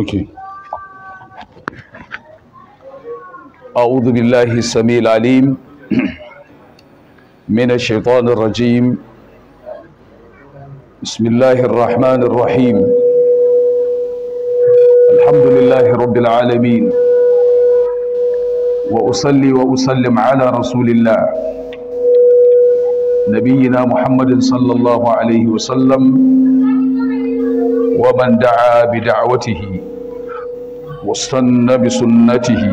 okay أعوذ بالله السميع العليم من الشيطان الرجيم بسم الله الرحمن الرحيم الحمد لله رب العالمين وأصلي وأسلم على رسول الله نبينا محمد صلى الله عليه وسلم ومن دعا بدعوته واستنى بسنته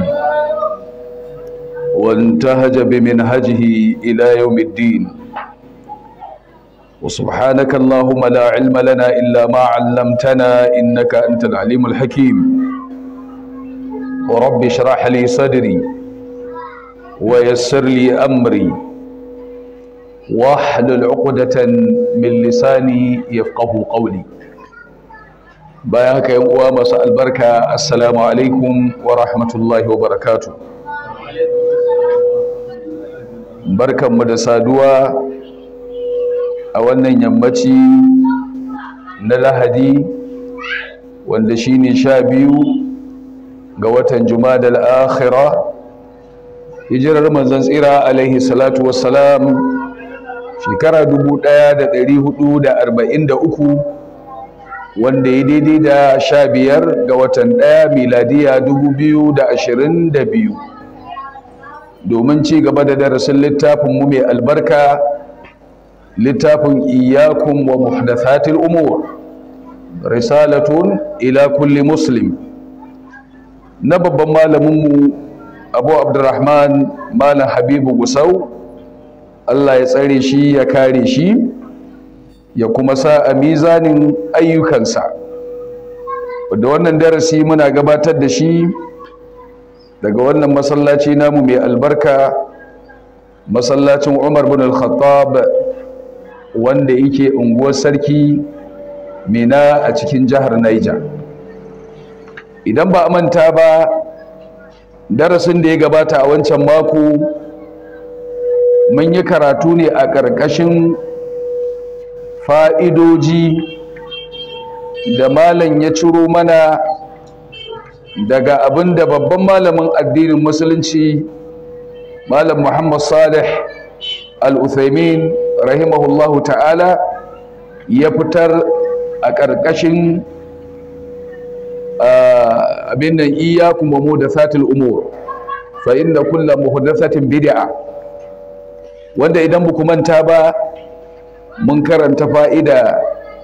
وانتهج بمنهجه إلى يوم الدين وسبحانك اللهم لا علم لنا إلا ما علمتنا إنك أنت العليم الحكيم ورب اشرح لي صدري ويسر لي أمري واحلل عقدة من لساني يفقه قولي bayan haka yan uwa masu albarka assalamu alaikum wa rahmatullahi wa barakatu barkanmu da saduwa a wannan yammaci na lahadi wanda shi ne sha biyu ga watan da akhira hijirar manzan tsira alaihi salatu wassalam shekara 1443 wanda ya daidai da sha biyar ga watan ɗaya miladiya dubu biyu da ashirin da biyu domin ci gaba da darasin littafinmu mai albarka littafin iyakun wa muhdathatil umur risalatun ila kulli muslim na babban malaminmu abu abdurrahman malam habibu gusau allah ya tsare shi ya kare shi ya kuma sa a mizanin ayyukansa da wannan darasi muna gabatar da shi daga wannan masallaci namu mai albarka masallacin umar bin al-khattab wanda yake unguwar sarki mina a cikin jihar niger idan ba a manta ba darasin da ya gabata a wancan mako mun yi karatu ne a ƙarƙashin fa'idoji da malam ya ciro mana daga abin da babban malamin addinin musulunci malam muhammad salih al rahimahullahu ta'ala ya fitar a ƙarƙashin abin nan iya kuma mu da satin umur fa inda kulla muhdathatin bid'a wanda idan ba manta ba mun karanta fa'ida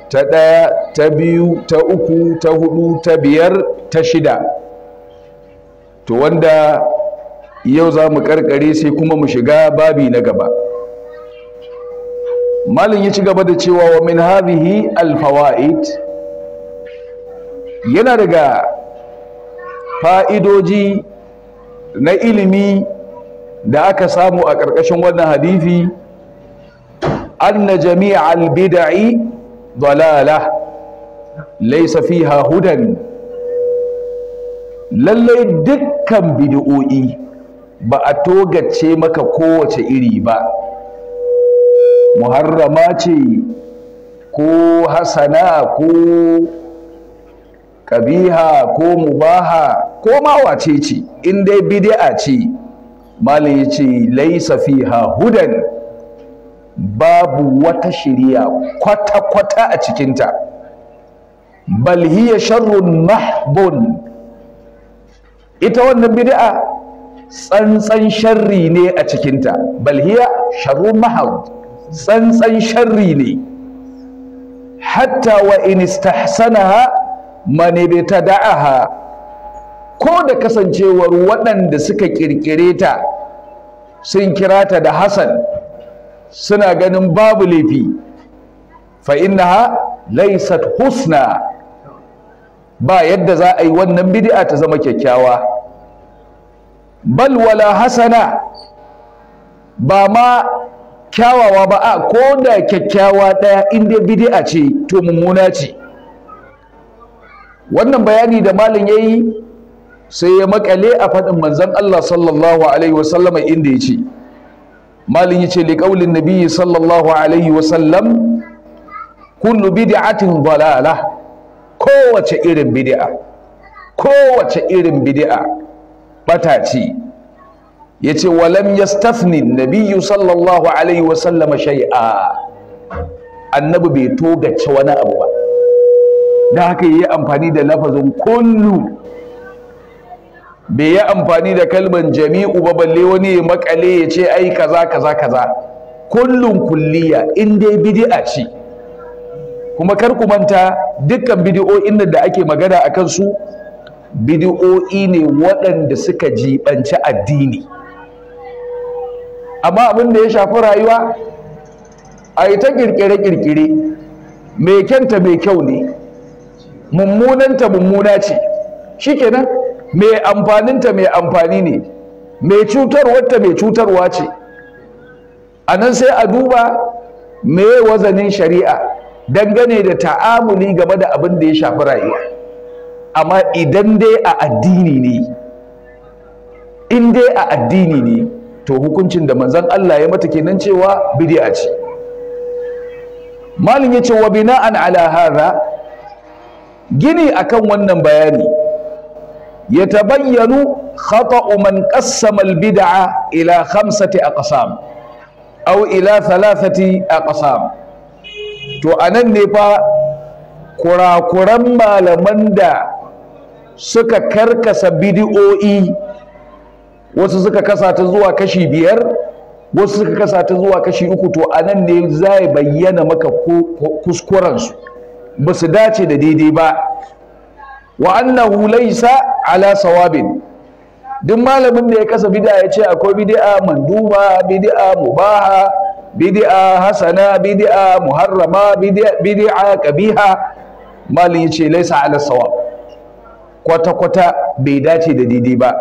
ta ɗaya ta biyu ta uku ta hudu ta biyar ta shida to wanda yau za mu karkare sai kuma mu shiga babi na gaba malin ya ci gaba da cewa wa min hadhihi alfawaid yana daga fa'idoji na ilimi da aka samu a ƙarƙashin wannan hadithi anna jami'al bid'i dalalah laysa fiha hudan lallai dukkan bid'o'i ba a togace maka kowace iri ba muharrama ce ko hasana ko kabiha ko mubaha ko ma ce in dai bid'a ce malai ce laisa fiha hudan babu wata shirya kwata-kwata a cikinta bal hiya sharrun mahbun ita wannan bid'a tsantsan sharri ne a cikinta bal hiya sharrun mahbun tsantsan sharri ne hatta wa in istahsanaha man ibtada'aha ko da kasancewar waɗanda suka kirkire ta sun kira ta da Hassan. suna ganin babu laifi fa ha, laysat husna ba yadda za a yi wannan bid'a ta zama kyakkyawa bal wala hasana ba ma kyawawa ba a ko da kyakkyawa ɗaya inda bid'a ce to mummuna ce wannan bayani da malin yi sai ya makale a faɗin manzon Allah sallallahu alaihi wasallama inda ya ce malin yace li qaulin nabiyyi sallallahu alaihi wa sallam kullu bid'atin dalala kowace irin bid'a kowace irin bid'a bata ce yace walam yastafni nabiyyu sallallahu alaihi wa sallam shay'a annabi bai togace wani abu ba da haka yi amfani da lafazin kullu bai yi amfani da kalman jami'u ba balle wani ya makale ya ce ai kaza kaza kaza kullun kulliya in dai bid'a ce kuma kar ku manta dukkan bid'o'in nan da ake magana akan su bid'o'i ne waɗanda suka jibanci addini amma abin da ya shafi rayuwa a yi ta kirkire-kirkire mai kyanta mai kyau ne mummunanta mummuna ce shi shikenan mai amfaninta mai amfani ne mai cutarwarta mai cutarwa ce a nan sai a duba mai wazanin shari'a dangane da ta'amuli game da abin da ya shafi rayuwa amma idan dai a addini ne in dai a addini ne to hukuncin da manzon Allah ya mata kenan cewa bid'a ce malin ce wa bina'an ala hadha gini akan wannan bayani يتبين خطأ من قسم البدعة إلى خمسة أقسام ila إلى a أقسام to anan ne fa kurakuran malaman da suka karkasa bidiyo'i wasu suka kasa ta zuwa kashi biyar wasu suka kasa ta zuwa kashi uku to anan ne za bayyana maka kuskurensu ba su dace da daidai ba wa'annahu laisa laysa ala sawabin duk malamin da ya kasa bid'a ya ce akwai bid'a manduba bidi'a mubaha bidi'a hasana bidi'a muharrama bidi'a kabiha malin ya ce laisa ala kwata kwata bai dace da daidai ba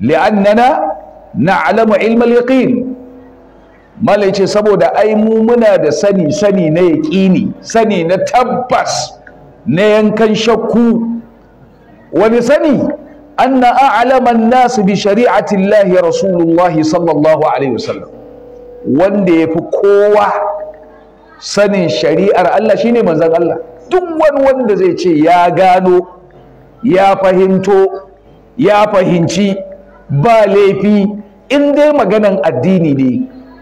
li'annana na'lamu ilmal yaqin malin ce saboda ai mu muna da sani sani na yaqini sani na tabbas na yankan shakku wani sani anna a'alaman nasu bi shari'ati Allah Rasulullahi sallallahu alaihi wasallam wanda yafi kowa sanin shari'ar Allah shine manzan Allah duk wani wanda zai ce ya gano ya fahimto ya fahimci ba laifi in dai maganan addini ne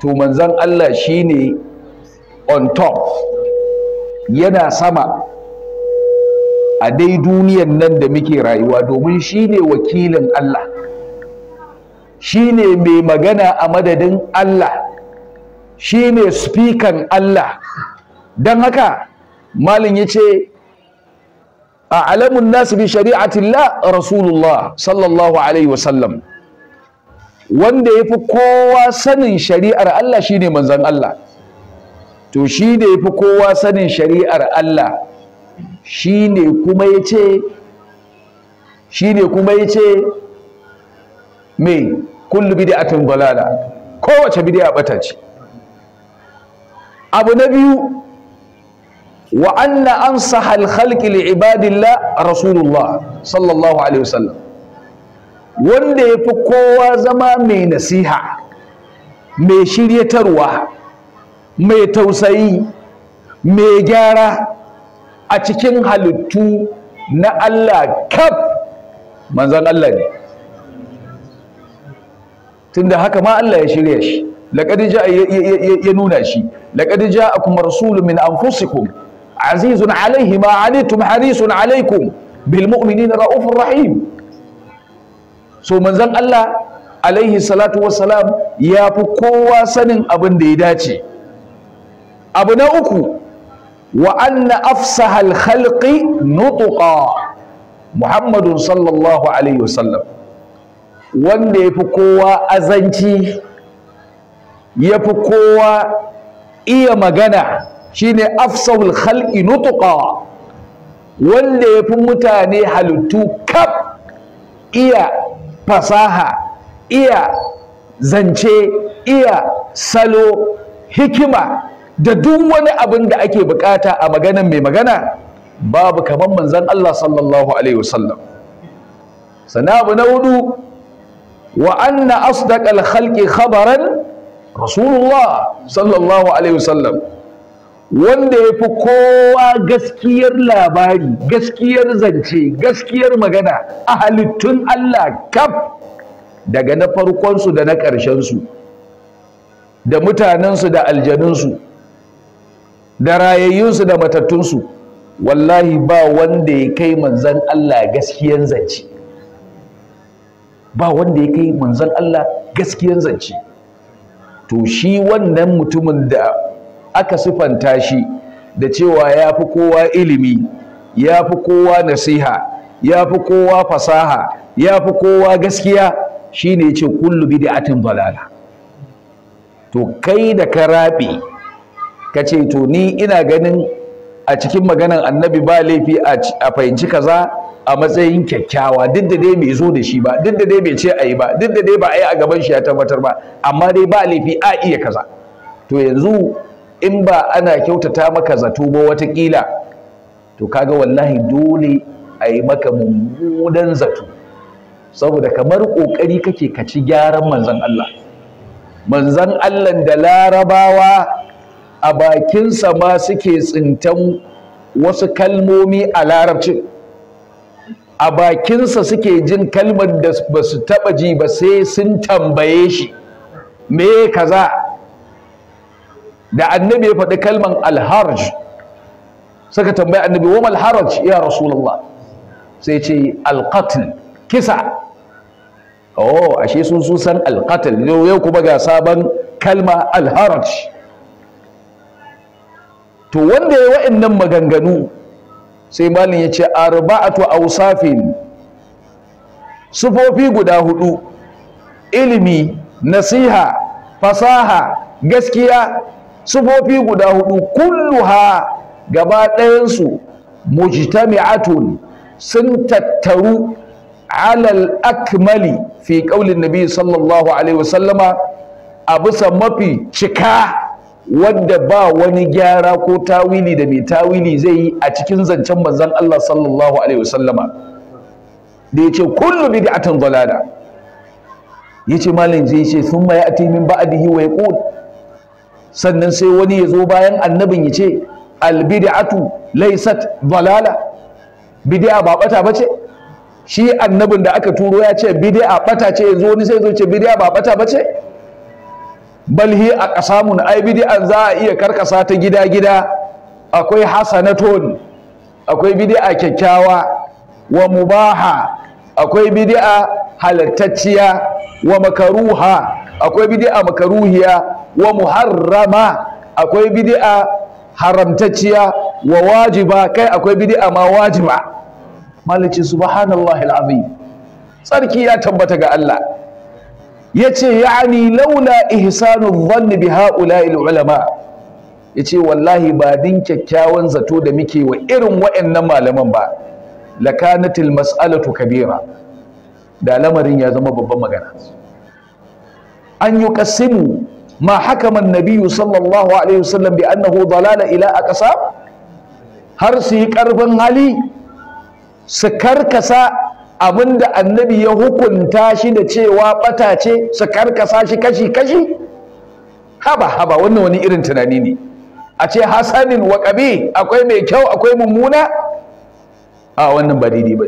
to manzon Allah shine on top yana sama a dai duniyar nan da muke rayuwa domin shi ne wakilin Allah shi ne mai magana a madadin Allah shi ne spikan Allah don haka malin ya ce a alamun nasu bi shari'atillah rasulullah sallallahu alaihi wasallam wanda ya fi kowa sanin shari'ar Allah shi ne manzan Allah to shi da ya fi kowa sanin shari'ar Allah shine kuma yace shine kuma yace me kullu bid'atin dalala kowace bid'a bata ce abu na biyu wa anna ansaha al-khalqi li ibadillah rasulullah sallallahu alaihi wasallam wanda ya fi kowa zama mai nasiha mai shiryatarwa mai tausayi mai gyara a cikin halittu na Allah kaf manzon Allah ne tunda haka ma Allah ya shirya shi Laƙadija ya nuna shi laqad jaakum rasulun min anfusikum azizun alaihi ma harisun alaikum bil na raufur rahim so manzon Allah alaihi salatu wassalam ya fi kowa sanin abin da ya dace abu na uku wa anna afsaha al-khalqi nutqa sallallahu alaihi wasallam wanda yafi kowa azanci yafi kowa iya magana shine afsahul khalqi nutqa wanda yafi mutane halittu kaf iya fasaha iya zance iya salo hikima da duk wani abin da ake bukata a maganan mai magana babu kamar manzon Allah sallallahu alaihi wasallam sana abu na hudu wa anna asdaqal khalqi khabaran rasulullah sallallahu alaihi wasallam wanda ya fi kowa gaskiyar labari gaskiyar zance gaskiyar magana a halittun Allah kaf daga na farkonsu da na ƙarshensu da mutanensu da aljanunsu da rayayyunsu da matattunsu wallahi ba wanda ya kai manzan Allah gaskiyan zance ba wanda ya kai manzan Allah gaskiyan zance to shi wannan mutumin da aka sifanta shi da cewa ya fi kowa ilimi ya fi kowa nasiha ya fi kowa fasaha ya fi kowa gaskiya shine ya ce kullu bid'atin balala to kai da ka rabe ka ce to ni ina ganin a cikin maganan annabi ba laifi a fahimci kaza a matsayin kyakkyawa duk da dai bai zo da shi ba duk da dai bai ce a yi ba duk da dai ba a yi a gaban shi ya tabbatar ba amma dai ba laifi a iya kaza to yanzu in ba ana kyautata maka zato ba watakila to kaga wallahi dole a yi maka mummunan zato saboda kamar kokari kake ka ci gyaran manzon Allah manzon Allah da larabawa a bakinsa ma suke tsintan wasu kalmomi a larabcin a bakinsa suke jin kalmar da ba su taɓa ji ba sai sun tambaye shi me kaza da annabi ya faɗi kalman alharj suka tambaye annabi wa alharaj ya rasulullah sai ce alqatl kisa oh ashe sun san alqatl yau kuma ga sabon kalma alharaj to wanda ya wa'annan maganganu sai malin ya ce arba'atu ausafin sufofi guda hudu ilimi nasiha fasaha gaskiya sufofi guda hudu kulluha gaba ɗayansu mujtami'atun sun tattaru alal akmali fi ƙaulin nabi sallallahu alaihi wasallama a bisa mafi cika wadda ba wani gyara ko tawili da mai tawili zai yi a cikin zancen manzan Allah sallallahu alaihi wasallama da yace kullu bid'atin Ya ce malam zai ce thumma ya'ti min ba'dihi wa yaqul sannan sai wani ya zo bayan annabin ya ce al bid'atu laysat dalala bid'a ba bata bace shi annabin da aka turo ya ce bid'a bata ce yanzu wani sai zo ce bid'a ba bata bace bal hi a ƙasamun ai bidi'an za a iya karkasa ta gida gida akwai hasanatun akwai bid'a kyakkyawa wa mubaha akwai bid'a halattacciya wa makaruha akwai bid'a makaruhiya wa muharrama akwai bid'a haramtacciya wa wajiba kai akwai bid'a ma wajiba malaci subhanallahi alazim sarki ya tabbata ga Allah yace ya'ani laula ihsanu dhanni bi ha'ulail ulama yace wallahi ba din kyakkyawan zato da muke wa irin waɗannan malaman ba lakanatil mas'alatu kabira da lamarin ya zama babban magana an yuqassimu ma hakama an-nabiy sallallahu alaihi wasallam bi annahu dalala ila ƙasa? har su yi karfin hali su karkasa abinda annabi ya hukunta shi da cewa bata ce su karkasa shi kashi kashi haba haba wannan wani irin tunani ne a ce hasanin wa kabi akwai mai kyau akwai mummuna a wannan ba daidai ba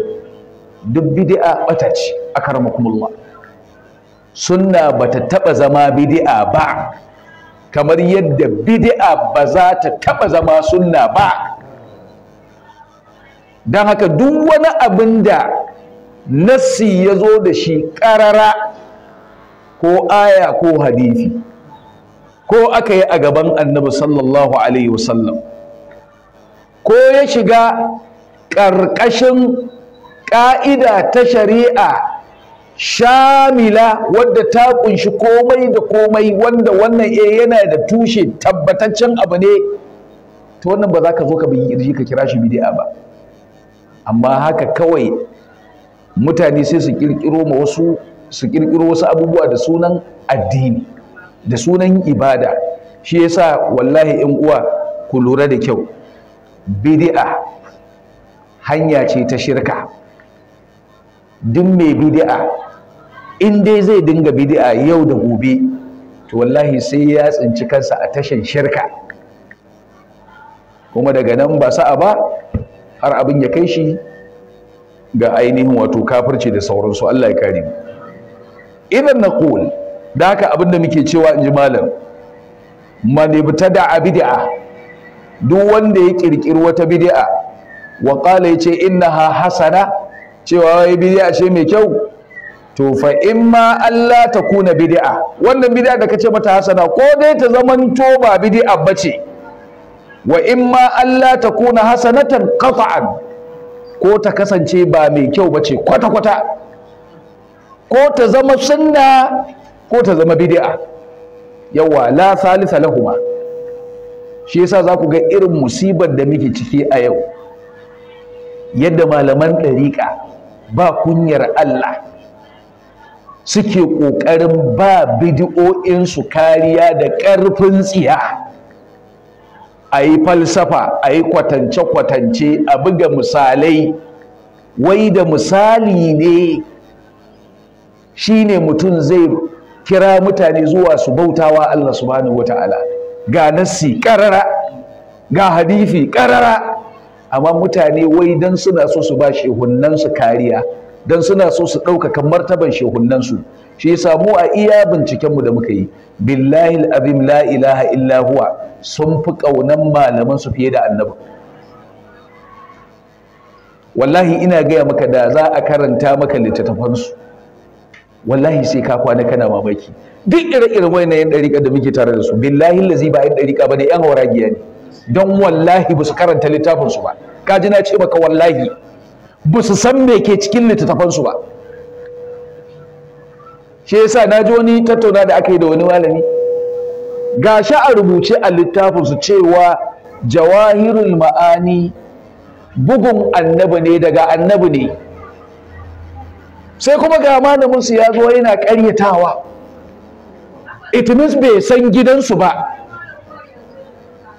duk bid'a bata ce akramakumullah sunna bata taba zama bid'a ba kamar yadda bid'a ba za ta taba zama sunna ba Dan haka duk wani abin da nassi ya zo da shi ƙarara ko aya ko hadithi ko aka yi a gaban annabi sallallahu alaihi wasallam ko ya shiga ƙarƙashin ƙa'ida ta shari'a shamila wadda ta ƙunshi komai da komai wanda wannan e yana da tushe tabbataccen abu ne ta wannan ba za ka zo ka bi ka kira shi bidi'a ba amma haka kawai mutane sai su kirkiro ma wasu su kirkiro wasu abubuwa da sunan addini da sunan ibada shi yasa wallahi yan uwa ku lura da kyau bid'a hanya ce ta shirka duk mai bid'a in dai zai dinga bid'a yau da gobe to wallahi sai ya tsinci kansa a tashin shirka kuma daga nan ba sa'a ba har abin ya kai shi ga ainihin wato kafirci da sauransu Allah ya kare mu idan naqul da haka abinda muke cewa inji malam man ibtada bidi'a. duk wanda ya kirkiri wata bidi'a wa qala yace innaha hasana cewa wai ce mai kyau to fa Allah ta kuna bidi'a. wannan bidi'a da kace mata hasana ko dai ta zamanto ba bidi'a bace wa ma Allah ta kuna hasanatan kafa'an. ko ta kasance ba mai kyau ba ce kwata-kwata ko ta zama sunna ko ta zama bid'a yawa la salisa lahuma shi yasa za ku ga irin musibar da muke ciki a yau yadda malaman ɗariƙa ba kunyar Allah suke ƙoƙarin ba bidi'o'insu kariya da ƙarfin tsiya a yi falsafa a yi kwatance-kwatance a buga misalai wai da misali ne shine mutum zai kira mutane zuwa su bautawa Allah subhanahu wata'ala ga nassi karara ga hadifi karara amma mutane wai don suna so su ba shehunnansu kariya don suna so su ɗaukaka martaban shehunnansu shi yasa mu a iya bincikenmu da muka yi billahi alabim la ilaha illa sun fi ƙaunan malaman su fiye da annabi wallahi ina gaya maka da za a karanta maka littattafansu wallahi sai ka kwana kana mamaki duk ire-iren wayannan yan ɗariƙa da muke tare da su billahi lazi ba yan ba ne, yan waragiya ne don wallahi ba su karanta littafinsu ba ka ji na ce maka wallahi ba su san me ke cikin littattafansu ba shi yasa na ji wani tattauna da aka yi da wani malami ga shi a rubuce a littafinsu cewa jawahirul ma'ani bugun annabi ne daga annabi ne sai kuma ga su ya zo yana ƙaryatawa it means bai san gidansu ba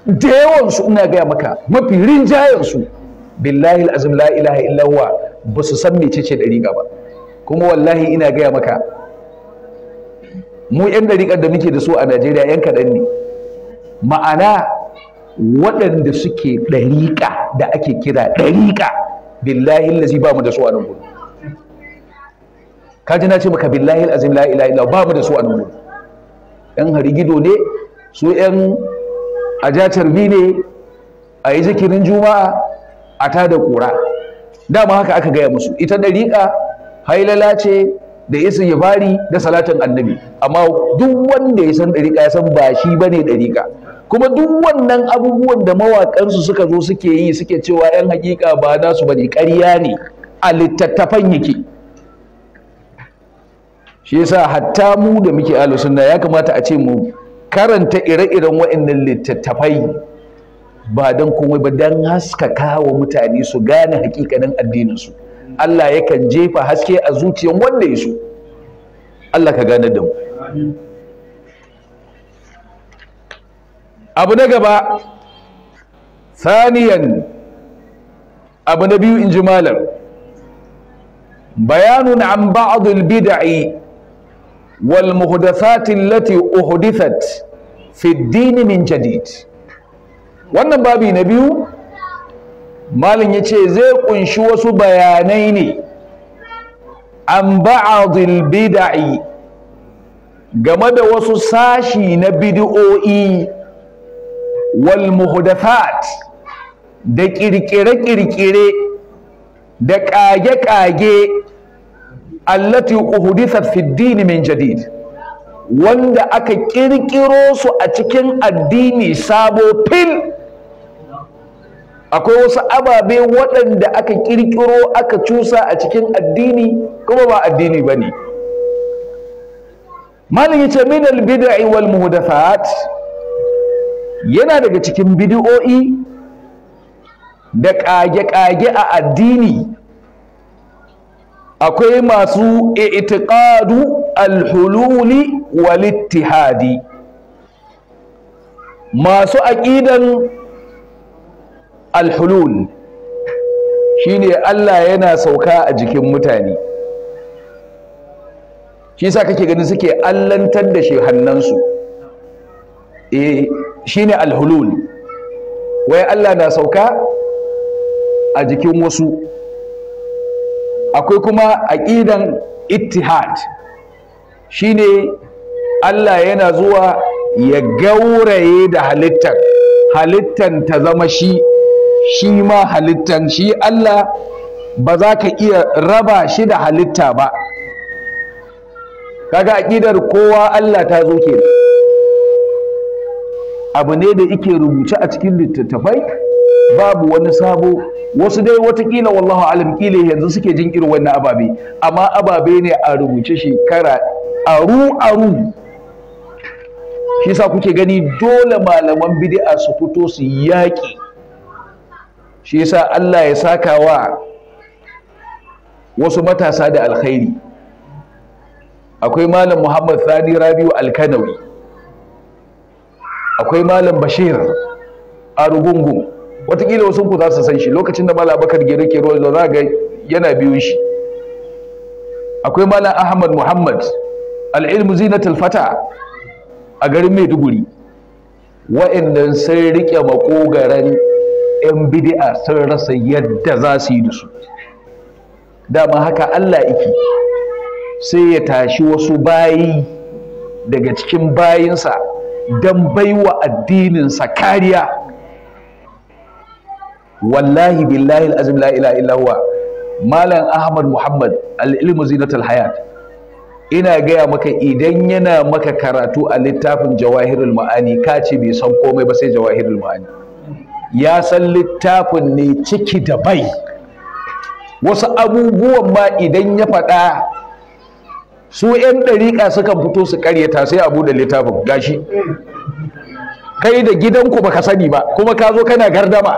da yawansu ina gaya maka mafi rinjayensu billahi azim la ilaha illallah ba su san mecece ɗari riga ba kuma wallahi ina gaya maka mu 'yan dariƙar da muke da su a najeriya 'yan kaɗan ne ma'ana waɗanda suke ɗariƙa da ake kira ɗariƙa billahi lazi ba mu da su a nan gudu ji na ce maka billahi azim la ilaha illa ba mu da su a nan gudu hari harigido ne su yan ajatar bi ne a yi zikirin juma'a a tada ƙura dama haka aka gaya musu ita ɗariƙa hailala ce da ya bari da salatin annabi amma duk wanda ya san ɗariƙa ya san ba shi ba ne ɗariƙa kuma duk wannan abubuwan da mawaƙansu suka zo suke yi suke cewa ‘yan haƙiƙa ba nasu ba ne ƙarya ne a littattafan yake shi yasa hatta mu da muke alusunna ya kamata a ce mu karanta ire-iren waɗannan littattafai ba don kuma ba don haskaka wa mutane su gane haƙiƙanin addininsu Allah yakan jefa haske a zuciyar wanda ya so Allah ka gane da mu abu na gaba saniyan abu na biyu in ji malar, bayanun an ba'd bida'i wal muhdathat lati uhdithat fi ad min jadid wannan babi na biyu malin ya ce zai kunshi wasu bayanai ne an ba'adil bida'i game da wasu sashi na bidi'o'i wal muhdathat da kirkire-kirkire da kage-kage allati uhdithat fi din min jadid wanda aka kirkiro su a cikin addini sabo fil akwai wasu ababe waɗanda aka ƙirƙiro aka cusa a cikin addini kuma ba addini ba ne malin ce min albidai wal muhdathat yana daga cikin bidiyo'i da ƙage-ƙage a addini akwai masu itiƙadu alhululi walittihadi masu aƙidan alhulul shine Allah yana sauka a jikin mutane shi sa kake ganin suke allantar da shi hannansu eh shine alhulul wai Allah na sauka a jikin wasu akwai kuma aqidan ittihad shine Allah yana zuwa ya gauraye da halittar halittar ta zama shi shi ma halittan shi Allah ba za ka iya raba shi da halitta ba kaga aƙidar kowa Allah ta zo kenan abu ne da yake rubuce a cikin littattafai babu wani sabo wasu dai watakila wallahu alam kila yanzu suke jin irin wannan ababe amma ababe ne a rubuce shekara aru aru shi sa kuke gani dole malaman bid'a su fito su yaƙi shi yasa Allah ya saka wa wasu matasa da alkhairi akwai malam Muhammad Sani Rabiu Alkanawi akwai malam Bashir Arugungu watakila wasu ku za su san shi lokacin da malam Bakar Gero ke ruwa za ga yana biyun shi akwai malam Ahmad Muhammad al zinatul fata a garin Maiduguri wa'annan sun rike makogaran 'yan bid'a sun rasa yadda za su yi da su dama haka Allah iki sai ya tashi wasu bayi daga cikin bayinsa don baiwa addininsa kariya wallahi billahi azim la ila illa malam ahmad muhammad alilmu zinatul hayat ina gaya maka idan yana maka karatu a littafin jawahirul ma'ani kace bai san komai ba sai jawahirul ma'ani ya san littafin ne ciki da bai wasu abubuwan ma idan ya faɗa su 'yan ɗariƙa sukan fito su ƙaryata sai a buɗe littafin gashi kai da gidanku baka sani ba kuma ka zo kana gardama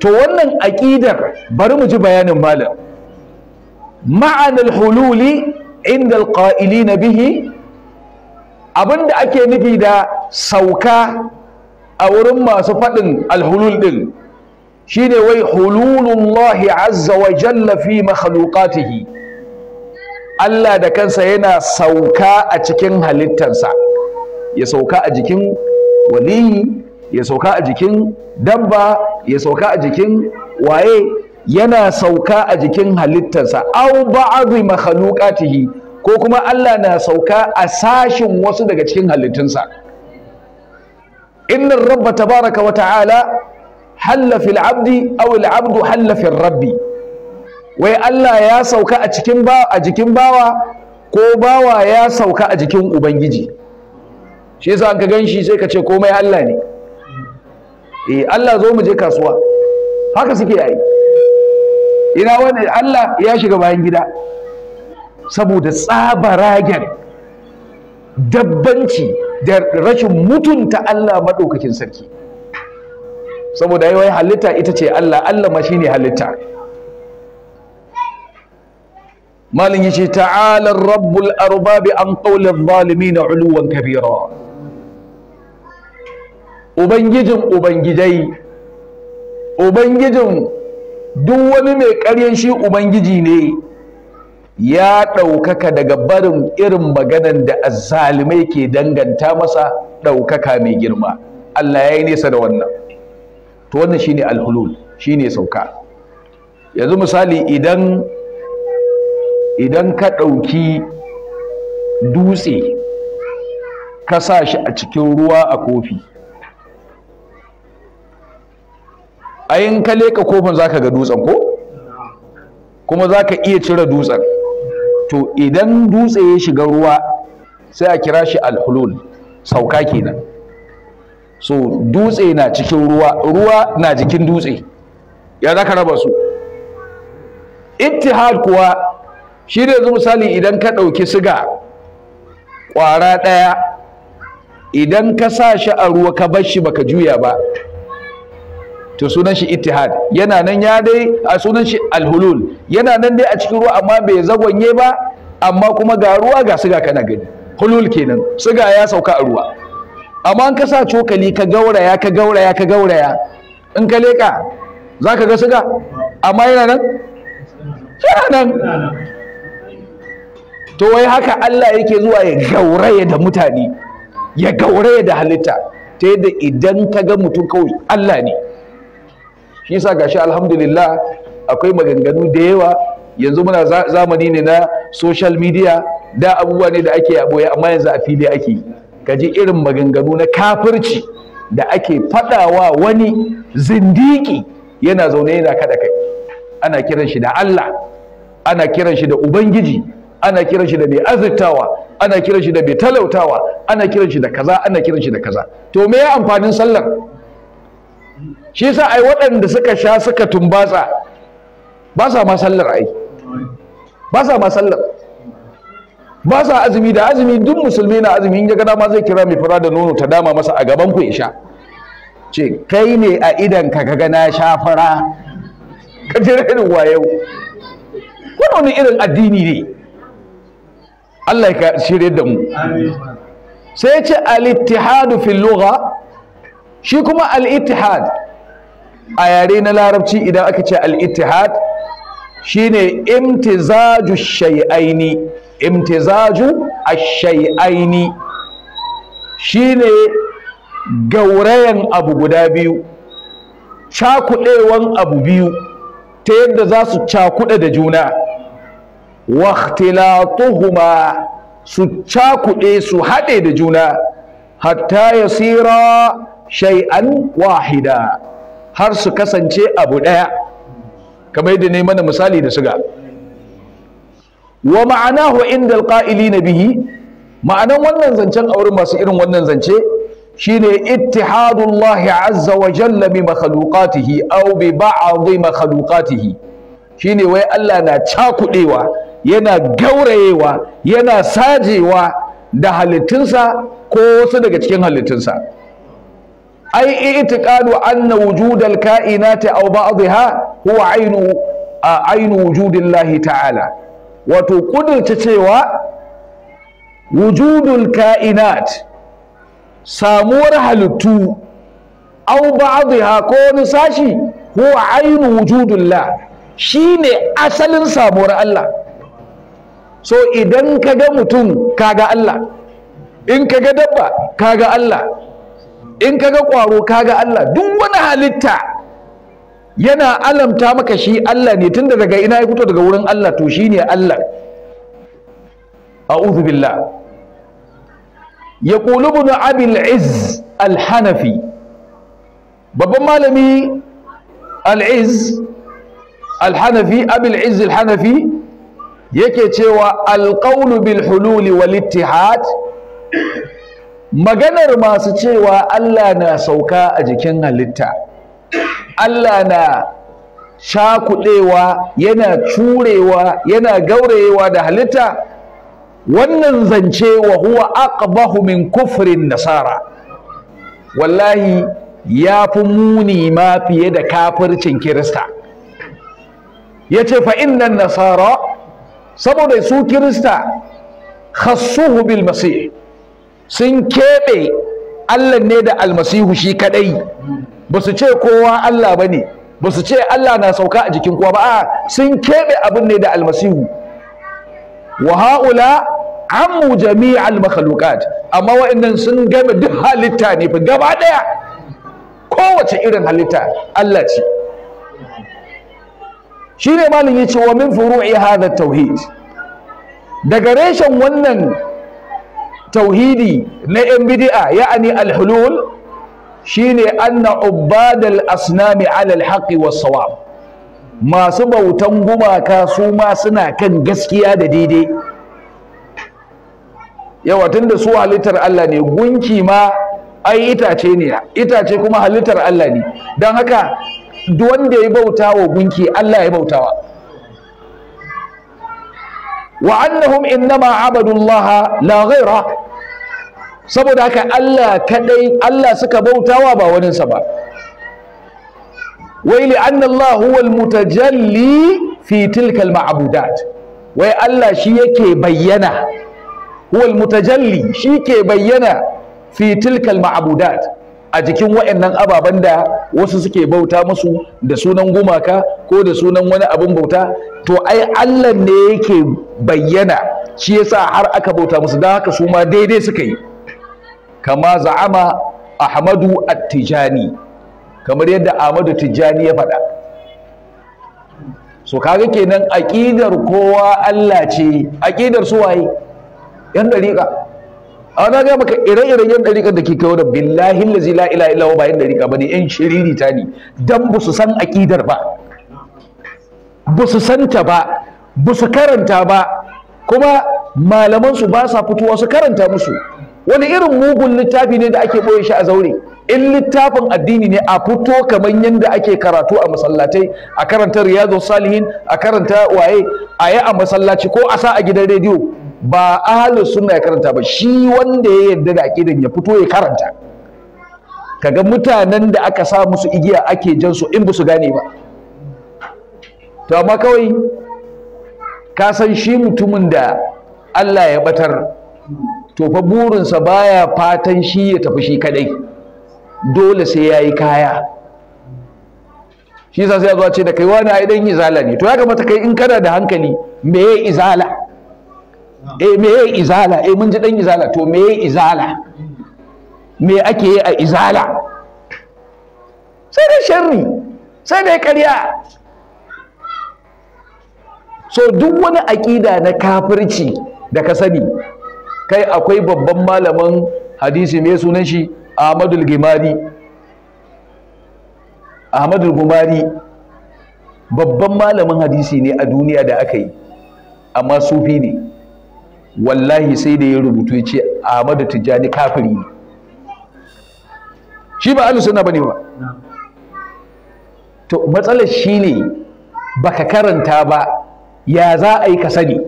to wannan aƙidar bari mu ji bayanin malam ma'anar hululi inda alƙa'ili na bihi abinda ake nufi da sauka a wurin masu faɗin alhulul ɗin shine wai hululullahi azza wa jalla Allah da kansa yana sauka a cikin halittansa ya sauka a jikin waliyi ya sauka a jikin dabba ya sauka a jikin waye yana sauka a jikin halittarsa au ba'dhi mahalukatihi ko kuma Allah na sauka a sashin wasu daga cikin halittunsa inna rabba tabaraka wa ta'ala halla fil abdi aw al abdu halla fil rabbi wai Allah ya sauka a jikin bawa ko bawa ya sauka a jikin ubangiji shi yasa ka ganshi sai ka ce komai Allah ne eh Allah zo mu kasuwa haka suke yi ina wani Allah ya shiga bayan gida saboda tsaba ragen dabbanci da rashin mutunta Allah maɗaukakin sarki saboda yawai halitta ita ce Allah Allah ma shine halitta malin yace ta'alar rabbul arbabi an ƙaunar adh na 'uluwan kabira ubangijin ubangijai ubangijin duk wani mai ƙaryan shi ubangiji ne ya ɗaukaka daga barin irin maganan da azzalimai ke danganta masa ɗaukaka mai girma Allah ya yi nesa da wannan to wannan shine alhulul shine sauka yanzu misali idan idan ka ɗauki dutse ka sa shi a cikin ruwa a kofi a ayin ka leka kofin za ka ga dutsen ko kuma za ka iya cire dutsen to idan dutse ya shiga ruwa sai a kira shi alhulul sauka kenan so dutse na cikin ruwa ruwa na jikin dutse ya za raba su ittihad kuwa shi da yanzu misali idan ka ɗauki siga ƙwara ɗaya idan ka sa shi a ruwa ka bar shi baka juya ba to sunan shi ittihad yana nan ya dai a sunan shi alhulul yana nan dai a cikin ruwa amma bai zagwanye ba amma kuma ga ruwa ga siga kana gani hulul kenan siga ya sauka a ruwa amma an ka sa cokali ka gauraya ka gauraya ka gauraya in ka leka za ka ga siga amma yana nan yana nan to wai haka Allah yake zuwa ya gauraya da mutane ya gauraya da halitta ta yadda idan ka ga mutum kawai Allah ne shi yasa gashi alhamdulillah akwai maganganu da yawa yanzu muna zamani ne na social media da abubuwa ne da ake a amma yanzu a fili ake ka ji irin maganganu na kafirci da ake faɗawa wani zindiki yana zaune yana kada kai ana kiran shi da Allah ana kiran shi da ubangiji ana kiran shi da mai azurtawa ana kiran shi da mai talautawa ana kiran shi da kaza ana kiran shi da kaza to me ya amfanin sallar shi yasa ai waɗanda suka sha suka tumbatsa ba sa ma sallar ai ba sa ma sallar ba sa azumi da azumi duk musulmi na azumi in ya gada ma zai kira mai fura da nono ta dama masa a gaban ku ya sha. ce kai ne a idan ka ga na sha fara ka jira irin wayo wani irin addini ne Allah ya shirye da mu sai ya ce al ittihad fil lugha shi kuma al-ittihad a yare na larabci idan aka ce al-ittihad shine imtizaju shay'aini imtizaju ash-shay'aini shine gaurayan abu guda biyu cakuɗewan abu biyu ta yadda za su cakuɗe da juna tuhuma su cakuɗe su haɗe da juna hatta yasira shai'an wahida har su kasance abu ɗaya kamar yadda ne mana misali da suga wa ma'anahu inda dalƙa'ili na bihi ma'anan wannan zancen a masu irin wannan zance shi shine ittihadullahi azza wa jalla bi makhluqatihi aw bi mahalukatihi makhluqatihi shine wai Allah na cakudewa yana gaurayewa yana sajewa da halittunsa ko wasu daga cikin halittunsa ai i'tiqadu anna wujudal kainati aw ba'dha huwa ainu ainu wujudillahi ta'ala wato kudurta cewa wujudul kainat samuwar halittu aw ba'dha ko nisashi sashi huwa ainu wujudillah shine asalin samuwar Allah so idan kaga mutum kaga Allah in kaga dabba kaga Allah in kaga ka kaga Allah duk wani halitta yana alamta maka shi Allah ne tunda daga ina ya fito daga wurin Allah to shine Allah a'udhu billah yaqulu ibn abil izz al-hanafi babban malami al-izz al-hanafi abil al-hanafi yake cewa al bil hululi wal ittihad maganar masu cewa Allah na sauka a jikin halitta Allah na shakuɗewa yana curewa yana gaurayewa da halitta wannan zance wa huwa aqbahu min kufrin nasara wallahi ya fi muni ma fiye da kafircin kirista ya ce fa'innan nasara saboda su kirista khassuhu bil masih sun keɓe Allah ne da almasihu shi kaɗai ba su ce kowa Allah ba ne ba su ce Allah na sauka a jikin kowa ba a sun keɓe abin ne da almasihu wa ha'ula ammu jami'al makhluqat amma wa'annan sun game duk halitta ne fa gaba daya kowace irin halitta Allah ce shine malam yace wa min furu'i hadha tauhid daga reshen wannan tauhidi na yan bidi'a ya'ani al shi ne anna ubadal asnami ala al-haqqi sawab masu bautan gumaka su ma suna kan gaskiya da daidai yawa da su halittar Allah ne gunki ma ai itace ne itace kuma halittar Allah ne don haka duk wanda ya bauta wa gunki Allah ya bautawa wa annahum innama abadullaha la ghaira saboda haka Allah kadai Allah suka bautawa ba wani sa ba wai li anna Allah huwa almutajalli fi tilka almabudat wai Allah shi yake bayyana huwa mutajalli shi ke bayyana fi tilka almabudat a jikin wa'annan ababen da wasu suke bauta musu da sunan gumaka ko da sunan wani abin bauta to ai Allah ne yake bayyana shi yasa har aka bauta musu don haka su ma daidai suka yi kama za'ama Ahmadu At-Tijani kamar yadda Ahmadu Tijani ya faɗa so kaga kenan aqidar kowa Allah ce aqidar su waye yan dariƙa a na ga maka ire-iren yan ɗariƙar da ke kawo da billahi lazi la ila ila ba yan ɗariƙa ba ne yan ta ne dan ba su san aƙidar ba ba su santa ba ba su karanta ba kuma malamansu ba sa fitowa su karanta musu wani irin mugun littafi ne da ake ɓoye shi a zaure in littafin addini ne a fito kamar yadda ake karatu a masallatai a karanta riyadu salihin a karanta waye a yi a masallaci ko a sa a gidan rediyo ba ahalu sunna ya karanta ba shi wanda ya yarda da aqidan ya fito ya karanta kaga mutanen da aka sa musu igiya ake jan su in su gane ba to amma kawai ka san shi mutumin da Allah ya batar to fa burinsa baya fatan shi ya tafi shi kadai dole sai yayi kaya shi sai ya zo a ce da kai wani idan idan izala ne to ya kamata kai in kana da hankali me ya izala eh me ya izala eh mun ji dan izala to me ya izala me ake yi a izala sai da sharri sai da ƙarya so duk wani aƙida na kafirci da ka sani kai akwai babban malamin hadisi mai sunan shi ahmadul gimari ahmadul gumari babban malamin hadisi ne a duniya da aka yi amma sufi ne wallahi sai da ya rubutu ya ce Ahmadu Tijjani kafiri ne shi ba ahlus sunna bane ba to matsalar shi shine baka karanta ba ya za a yi ka sani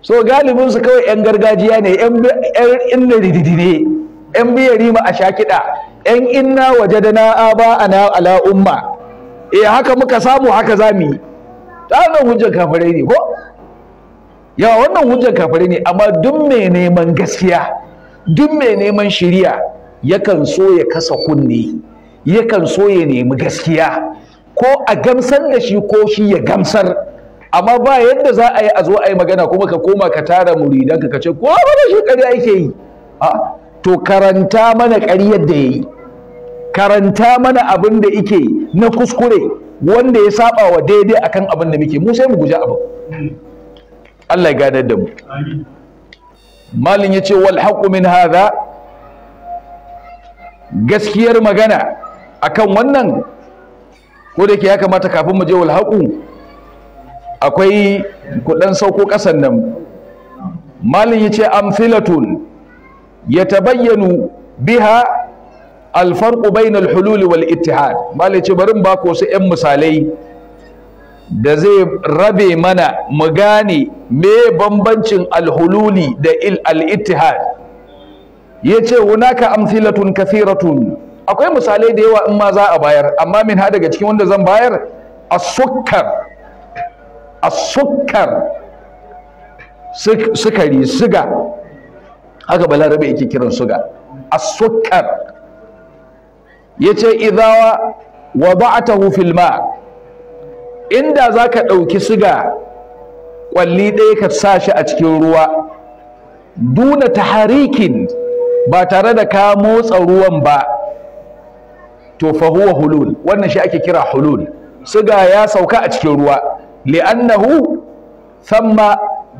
so galibin su kawai yan gargajiya ne yan inna rididine yan biya rima a shakida yan inna wajadana aba ana ala umma eh haka muka samu haka zamu yi ta hujjar kafirai ne ko yawa wannan hujjar kafare ne amma duk mai neman gaskiya duk mai neman shiriya yakan so ya kasa kunne yakan so ya nemi gaskiya ko a gamsar da shi ko shi ya gamsar amma ba yadda za a yi a zo a yi magana kuma ka koma ka tara muridan ka ce ko mana shi ƙarya yake yi a to karanta mana ƙaryar da ya yi karanta mana abin da yake na kuskure wanda ya saba wa daidai akan abin da muke mu sai mu guji abin Allah ya ganar da mu malin ya ce wal min hadha gaskiyar magana akan wannan ko da ke ya kamata kafin mu je wal haqqu akwai kudan sauko kasan nan malin ya ce amthilatun yatabayyanu biha alfarqu bainal hululi wal ittihad malin ya ce bari ba ko su 'yan misalai da zai rabe mana mu gane me bambancin alhululi da al-ittihad yace hunaka amsilatun kasiratun akwai misalai da yawa in ma za a bayar amma min ha daga cikin wanda zan bayar as-sukkar as-sukkar sukari suga haka balarabe yake kiran suga as-sukkar yace idza wada'tahu fil ma' inda za ka ɗauki siga ƙwalli ɗaya ka sa shi a cikin ruwa duna ta taharikin ba tare da ka motsa ruwan ba to fa huwa hulul wannan shi ake kira hulul siga ya sauka a cikin ruwa li'annahu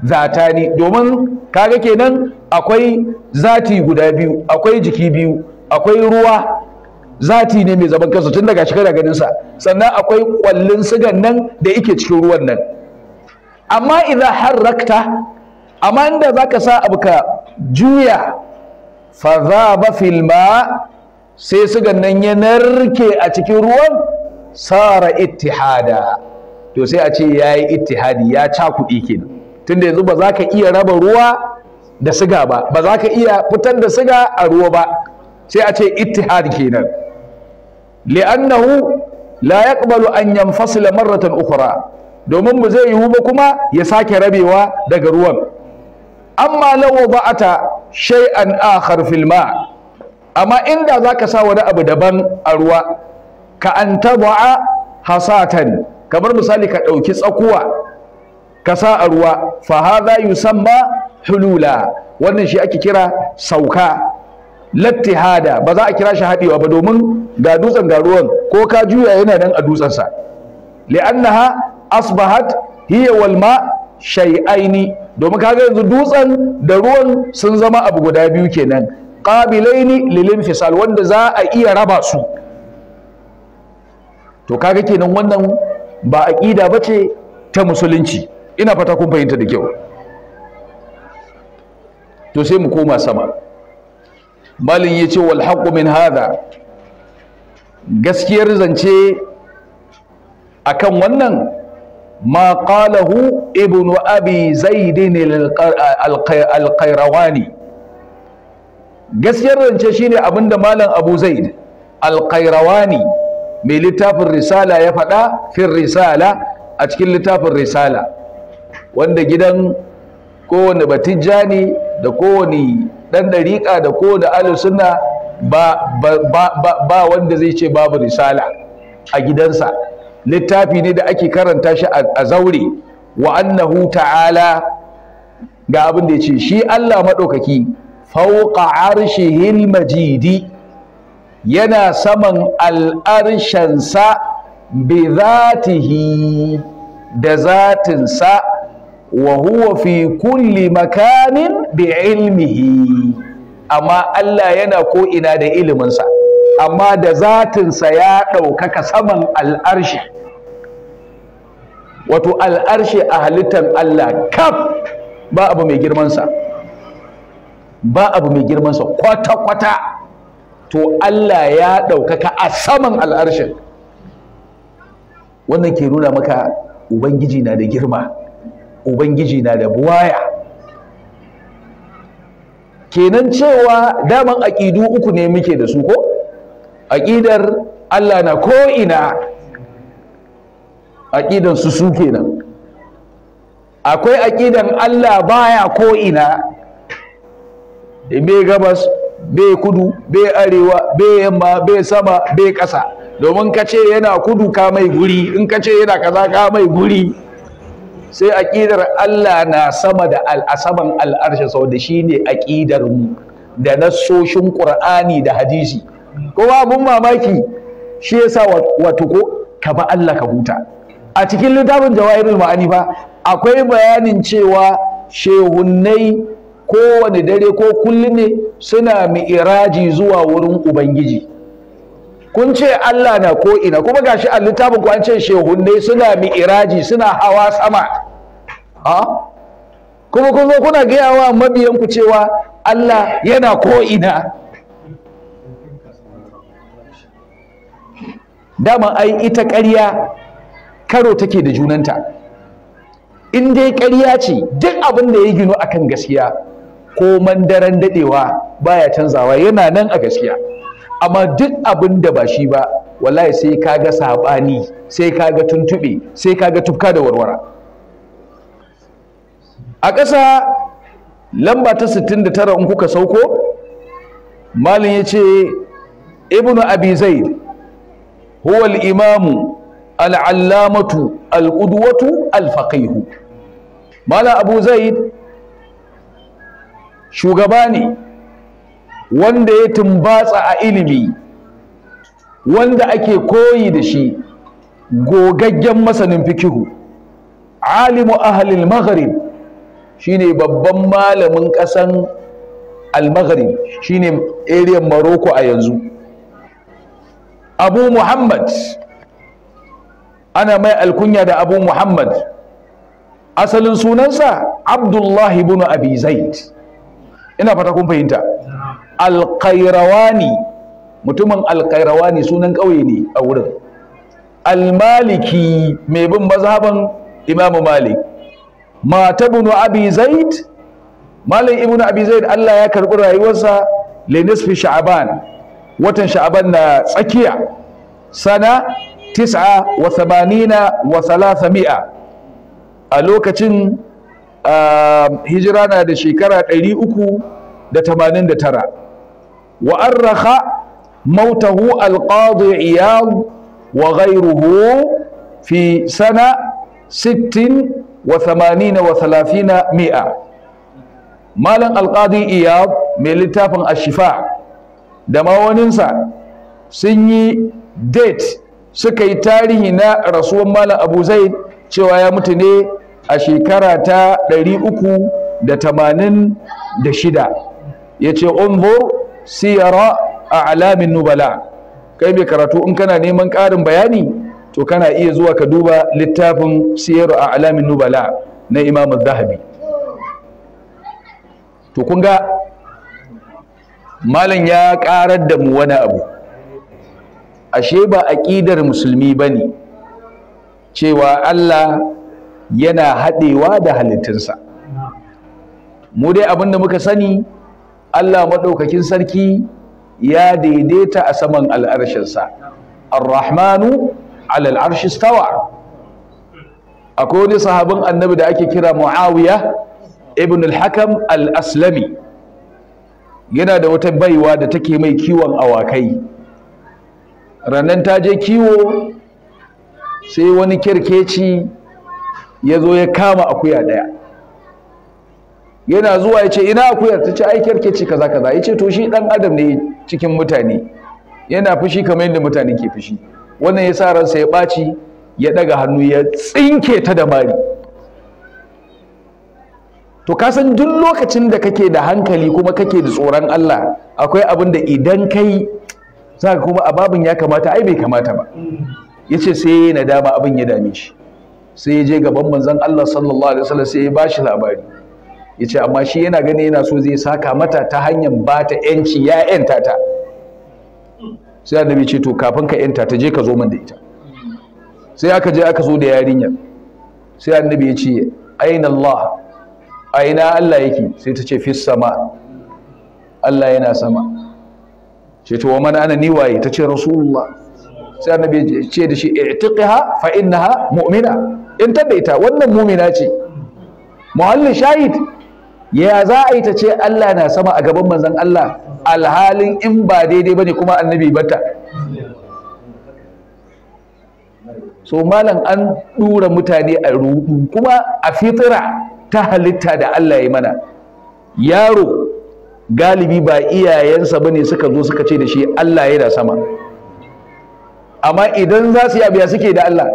zata ne. domin kaga kenan akwai zati guda biyu akwai jiki biyu akwai ruwa zati ne mai zaman kansa tun daga shi kana sannan akwai kwallin sigan nan da yake cikin ruwan nan amma idan harrakta amma inda zaka sa abu ka juya fa dhaba fil ma sai sigan nan ya narke a cikin ruwan sara ittihada to sai a ce yayi ittihadi ya cakuɗi kenan tunda yanzu ba za ka iya raba ruwa da siga ba ba za ka iya fitar da siga a ruwa ba sai a ce ittihad kenan li'annahu la yaqbalu anyan yanfasila marratan ukhra domin ba zai yiwu ba kuma ya sake rabewa daga ruwan amma law wada'ata shay'an akhar fil ma amma inda zaka sa wani abu daban a ruwa ka an tab'a hasatan kamar misali ka dauki tsakuwa ka sa a ruwa fa hadha yusamma hulula wannan shi ake kira sauka lattihada ba za a kira shi haɗewa ba domin ga dutsen ga ruwan ko ka juya yana nan a dutsensa li'annaha asbahat hiya wal ma shay'aini domin kaga yanzu dutsen da ruwan sun zama abu guda biyu kenan qabilaini lil infisal wanda za a iya raba su to kaga kenan wannan ba aqida bace ta musulunci ina fata kun fahimta da kyau to sai mu koma sama malin ya ce walhaƙu min hadha gaskiyar zance akan wannan ma qalahu ibnu abi zaidin gaskiyar zance shine abinda malam abu zaid al mai littafin risala ya faɗa fin risala a cikin littafin risala wanda gidan kowane batijjani da kowane dan dariƙa da ko da ahlus sunna ba ba wanda zai ce babu risala a gidansa littafi ne da ake karanta shi a zaure wa annahu ta'ala ga abin da ya ce shi Allah maɗaukaki Fawqa arshihil majidi yana saman al'arshansa bi zatihi da zatinsa wa huwa fi kulli makanin bi ilmihi amma Allah yana ko ina da iliminsa amma da zatinsa ya ɗaukaka saman al'arshi wato al'arshi a halittar Allah kaf ba abu mai girmansa ba abu mai girmansa kwata-kwata to Allah ya ɗaukaka a saman al'arshin wannan ke nuna maka Ubangiji na da girma ubangiji na da buwaya kenan cewa daman aƙidu uku ne muke da su ko aƙidar allah na ko'ina aƙidan su su kenan akwai aƙidan allah baya ko'ina bai gabas bai kudu bai arewa bai yamma bai sama bai ƙasa domin ka ce yana kudu ka mai guri in ka ce yana kaza ka mai guri sai aƙidar Allah na sama da al'asaban al'arshe saboda shi ne aƙidar mu da nassoshin ƙur'ani da hadisi kuma abun mamaki shi yasa wato ko ka ba Allah ka huta a cikin littafin jawahirul ma'ani fa akwai bayanin cewa shehunnai kowane dare ko kullum ne suna mi'iraji zuwa wurin ubangiji kun ce Allah na ko'ina ina kuma gashi a littafin ku an ce shehunne suna mi'iraji suna hawa sama ha kuma kun zo kuna gaya wa mabiyan ku cewa Allah yana ko'ina? ina dama ai ita ƙarya karo take da junanta in dai ƙarya ce duk abin da ya gino akan gaskiya ko man daren dadewa baya canzawa yana nan a gaskiya amma duk abin da ba shi ba wallahi sai kaga ga saɓani sai kaga ga tuntuɓe sai kaga tufka da warwara a ƙasa lamba ta 69 in kuka sauko malin yace ibnu abi zaid huwa al-imamu al-allamatu al udwatu al-faqihu malam abu zaid shugaba ne wanda ya tumbatsa a ilimi wanda ake koyi da shi gogaggen masanin fikihu alimu ahalil maghrib shine babban malamin ƙasan al-maghrib shine area Maroko a yanzu Abu Muhammad ana mai alkunya da Abu Muhammad asalin sunansa Abdullahi ibn Abi Zaid ina fata kun fahimta alƙairawani mutumin alƙairawani sunan ƙauye ne a wurin almaliki mai bin mazhaban imamu malik mata bunu abi malam ibnu abi allah ya karɓi rayuwarsa linisfi sha'aban watan sha'aban na tsakiya sana tis'a wa thamanina wa thalatha mi'a a lokacin ah, hijira na da shekara ɗari uku da tamanin da tara wa arraha mautahu alqadi iyad wa ghayruhu fi sana sittin wa thamanina wa thalathina mi'a malam alqadi iyad mai littafin ashifa da ma mawaninsa sun yi date suka yi tarihi na rasuwan malam abu cewa ya mutu ne a shekara ta ɗari uku da da tamanin shida, ya ce unzur siyara a'lamin nubala kai mai karatu in kana neman ƙarin bayani to kana iya zuwa ka duba littafin a a'lamin nubala na imamu Zahabi to kun ga malam ya ƙarar da mu wani abu ashe ba aƙidar musulmi bane cewa Allah yana haɗewa da halittunsa mu dai abinda muka sani Allah maɗaukakin sarki ya daidaita a saman al'arshinsa ar-rahmanu alal arshi akwai wani sahabin annabi da ake kira muawiya ibn al-hakam al-aslami yana da wata baiwa da take mai kiwon awakai rannan ta je kiwo sai wani kirkeci ya zo ya kama akuya ɗaya yana zuwa ya ce ina akuyar ta ce aikiyar ke ce kaza kaza ya ce to shi dan adam ne cikin mutane yana fushi kamar yadda mutane ke fushi wannan ya sa ransa ya ɓaci ya ɗaga hannu ya tsinke ta da mari to ka san duk lokacin da kake da hankali kuma kake da tsoron Allah akwai abin da idan kai za ka kuma ababin ya kamata ai bai kamata ba ya ce sai ya nadama abin ya dame shi sai ya je gaban manzon Allah sallallahu alaihi wasallam sai ya bashi labari yace amma shi yana gani yana so zai saka mata ta hanyar ba ta ‘yanci ya ‘yanta ta sai annabi ce to kafin ka ‘yanta ta je ka zo min da ita sai aka je aka zo da yarinyar sai annabi ya ce aina Allah aina Allah yake sai ta ce fi sama Allah yana sama ce to wa ana ni waye ta ce rasulullah sai annabi ya ce da shi i'tiqiha fa innaha mu'mina in tabbaita wannan mu'mina ce muhallin shahid ya za a yi ta ce Allah na sama a gaban manzan Allah alhalin in ba daidai bane kuma annabi bata so malam an dura mutane a rudu kuma a fitira ta halitta da Allah ya mana yaro galibi ba iyayensa bane suka zo suka ce da shi Allah yana sama amma idan za su yi suke da Allah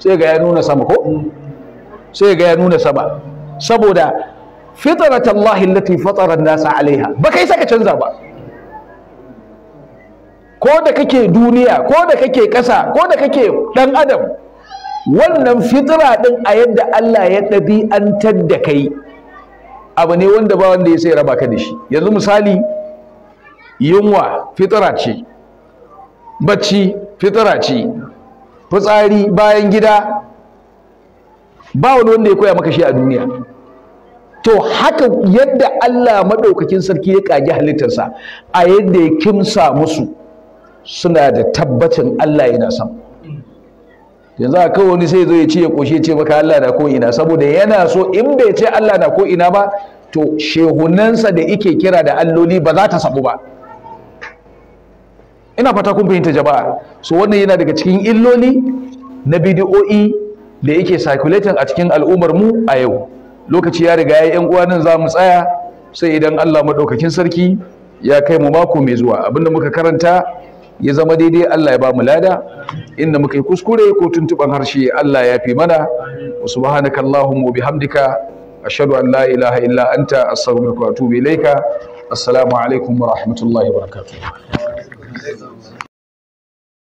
sai ga ya nuna sama ko sai ga ya nuna sama saboda fitarat Allah allati fatara nasa alaiha ba kai saka canza ba ko da kake duniya ko da kake ƙasa ko da kake ɗan adam wannan fitira ɗin a yadda Allah ya dabi'antar da kai abu ne wanda ba wanda ya sai raba ka da shi yanzu misali yunwa fitara ce bacci fitira ce fitsari bayan gida ba wani wanda ya koya maka shi a duniya to haka yadda Allah maɗaukakin sarki ya ƙagi halittarsa a yadda ya kimsa musu suna da tabbacin Allah yana son yanzu a wani sai zo ya ce ya ƙoshe ce maka Allah na ko ina saboda yana so in bai ce Allah na ko ina ba to shehunansa da ike kira da alloli ba za ta sabu ba ina fata kun fahimta jama'a so wannan yana daga cikin illoli na bidiyo'i da yake circulating a cikin al'ummar mu a yau lokaci ya riga ya yan uwa nan za mu tsaya sai idan Allah madaukakin sarki ya kai mu mako mai zuwa abinda muka karanta ya zama daidai Allah ya ba mu lada inda muka yi kuskure ko tuntuban harshe Allah ya fi mana subhanakallahumma wa bihamdika ashhadu an la ilaha illa anta astaghfiruka wa atubu ilaika assalamu alaikum wa rahmatullahi wa barakatuh